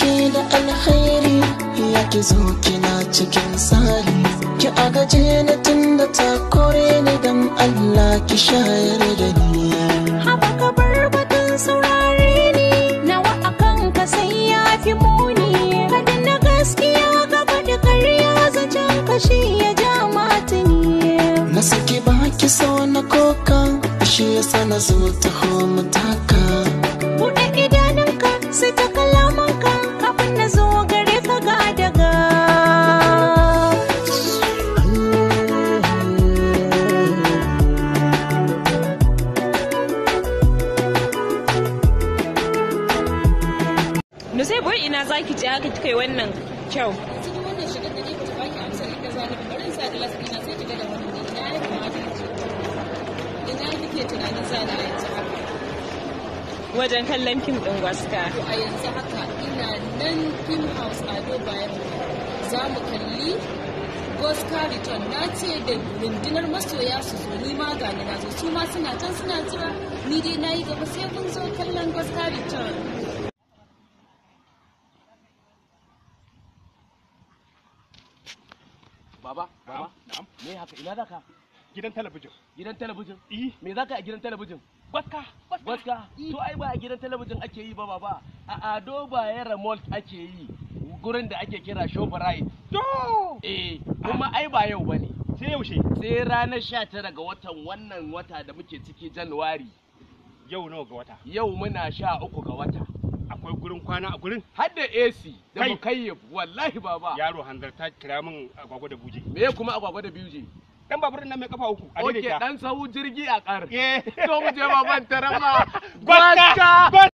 ke da alkhairi ya ki zo kina cikin tsari ki a gaje tun da ta kore ni dan Allah ki shayar da ni haba ka bar saurare ni nawa akan ka sai ya fi muni kada na gaskiya ka faɗi karya zancen kashi ya ja matuni na saki baki so na koka shi yasa na zo ta ho mutaka no sai ina zaki je haka kika yi wannan kyau cikin wannan da baki sai ga da tunanin wajen kallon fim ɗin gwaska to a yanzu haka ina nan fim house a za mu kalli Oscar Return na ce da rundunar masoya su zo ni ma gani na zo su ma suna can suna jira ni dai na yi gaba sai kun zo kallon Oscar Return. Baba, baba. Na'am. Me haka ina zaka? Gidan talabijin. Gidan talabijin? Eh. Me zaka a gidan talabijin? Baska, baska. Eh. To ai ba a gidan talabijin ake yi ba baba. A Ado Bayero Mall ake yi. Gurin da ake kira Shoprite. To! Eh, ah. kuma ai ba yau bane. Sai yaushe? Sai ranar 19 ga watan wannan wata da muke ciki Januwari. Yau nawa ga wata? Yau muna sha uku ga wata. akwai gurin kwana a gurin har da AC da mukayyab wallahi baba yaro hanzarta kira min agwagwa da buje me kuma agwagwa da buje dan babur nan mai kafa uku a dan sahu jirgi a kar eh. to mu je baban tarama gwaska